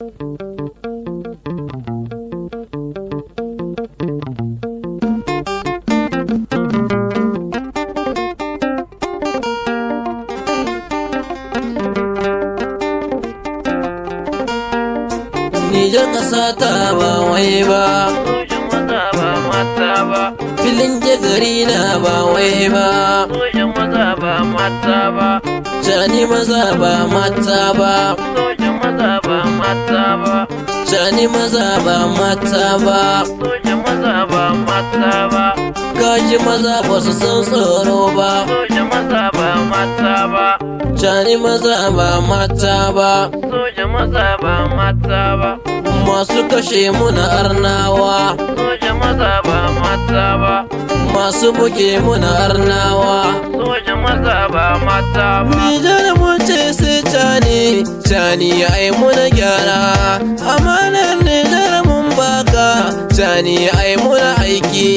Nijar ƙasa ta ba wai ba, filin jagari na ba wai ba, maza ba mata ba, jani maza ba mata ba. maza ba mata ba Sani maza ba mata ba Soja maza ba mata ba Gaji maza ba su san tsoro ba Soja maza ba mata ba Sani maza ba mata ba Soja maza ba mata ba Masu kashe muna arnawa Soja maza ba mata ba masu buge muna arnawa Soja maza ba mata ba nijar mu ce sai cani cani ai muna gyara amanar nijar mun baka cani ai muna aiki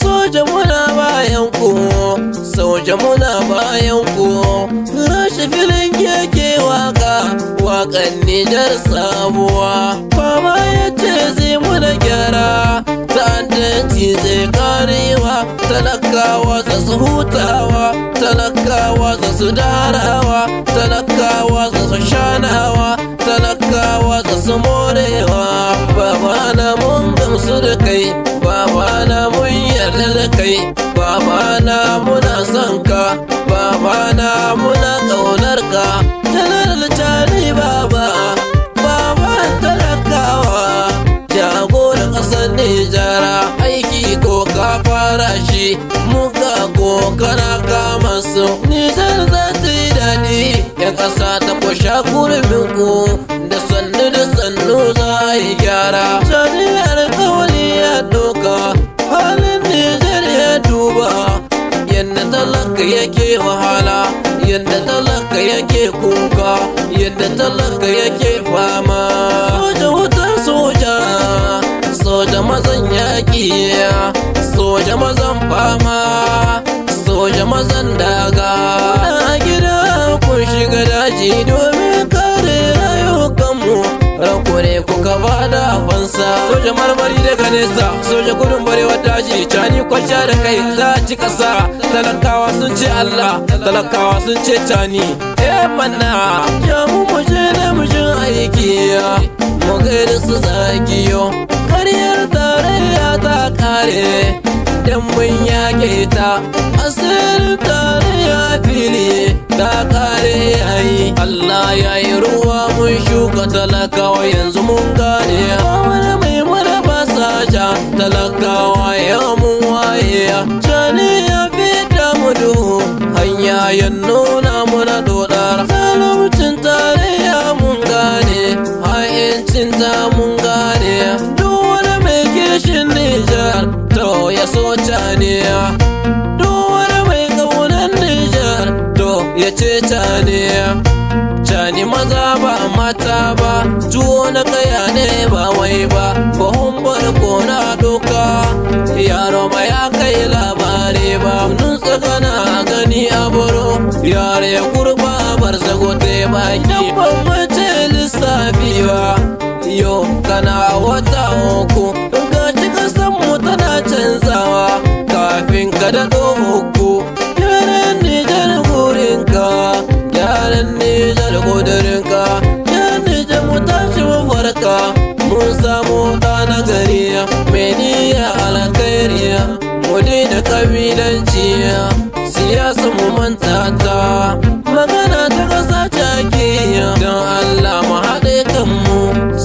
soja muna bayan ku soja muna bayan ku rashi filin keke waka wakan nijar sabuwa Baba ya ce zai muna gyara ta'addanci zai karewa talakawa za su hutawa talakawa za su darawa talakawa za su shanawa talakawa za su morewa babana mun gamsu da kai babana mun yarda da kai babana muna son ka babana muna ƙaunarka. ka tashi muka kokara kama su Nisan za ta yi daɗi ya ƙasa ta kwasha gurbin ku da sannu da sannu za a yi gyara shari'ar kawali ya doka halin nijar ya duba yadda talaka yake wahala yadda talaka yake kuka yadda talaka yake fama soja wutar soja soja mazan yaƙi soja mazan fama soja mazan daga a gida ku shiga daji domin kare rayukanmu rakure kuka ba da fansa soja marmari daga nesa soja gudun barewa daji cani kwanciya da kai za a ci kasa talakawa sun ce allah talakawa sun ce cani eh manna ya mu muje da mujin aiki mu gaida su zagiyo kariyar tarayya ta kare dan mun yaƙe ta asir tare ya fili ta kare yayi Allah ya yi ruwa mun shuka talakawa yanzu mun gane wani mai mara basaja talakawa ya mu duk wani mai kaunan Nijar to ya ce taniya Cani maza ba mata ba tuwo na kaya ne ba wai ba bahun barko na doka yaro ba ya kai labari ba nun na gani a baro yare kurba bar zagote ba yan lissafi ba yo kana wata uku ka da dogo yaran nijar burinka yaran nijar kudurinka yaran nijar mu tashi mu farka mun samu ɗana gari mai niyya alkhairi mu daina kabilanci siyasa mu manta ta magana ta ƙasa ta ke don Allah mu haɗe kanmu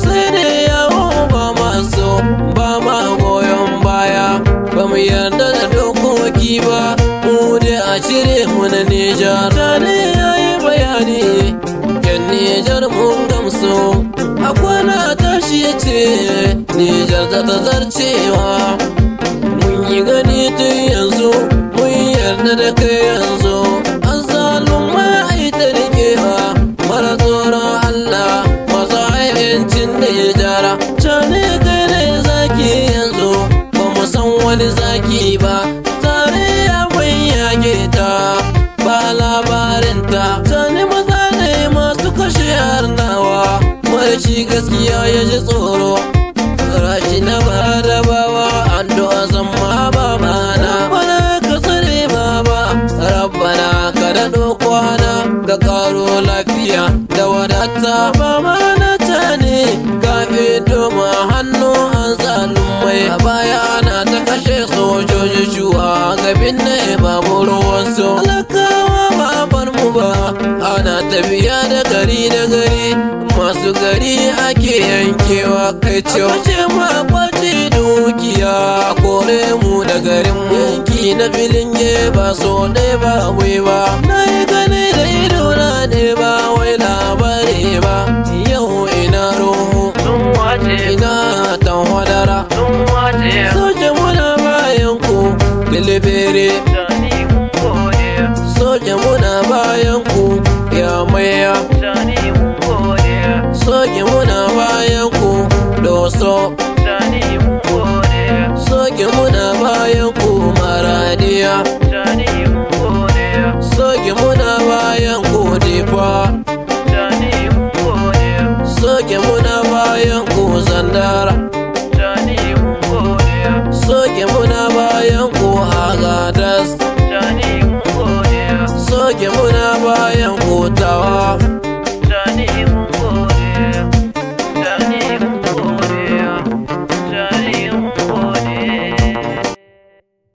sai da yawo ba so ba ma goyon baya ba mu yarda ba mu da a cire mu na Nijar rane ya yi bayani yan Nijar mun gamsu a kwana tashi ya ce Nijar ta zarcewa ya ji tsoro rashi na bada bawa addu'a zan ma ba mana bana ka tsare baba rabbana ka daɗo kwana ga ƙaro lafiya da wadata ba mana ta ne ka fito ma hannu an tsalin mai a baya ana ta kashe sojoji shuwa gabin na baburo tafiya da gari da gari masu gari ake yankewa kai cewa ce ma kwace dukiya kore mu da garin mu. yanki na filin ye ba so dai ba wai ba na yi gani da ido na ne ba wai labari ba yau ina ruhu ina tan wadara sauke muna bayan ku lilibere soke muna bayan ku doso soke muna bayan ku maradiya soke muna bayan ku difa soke muna bayan ku zandara soke muna bayan ku agadas soke muna bayan ku tawa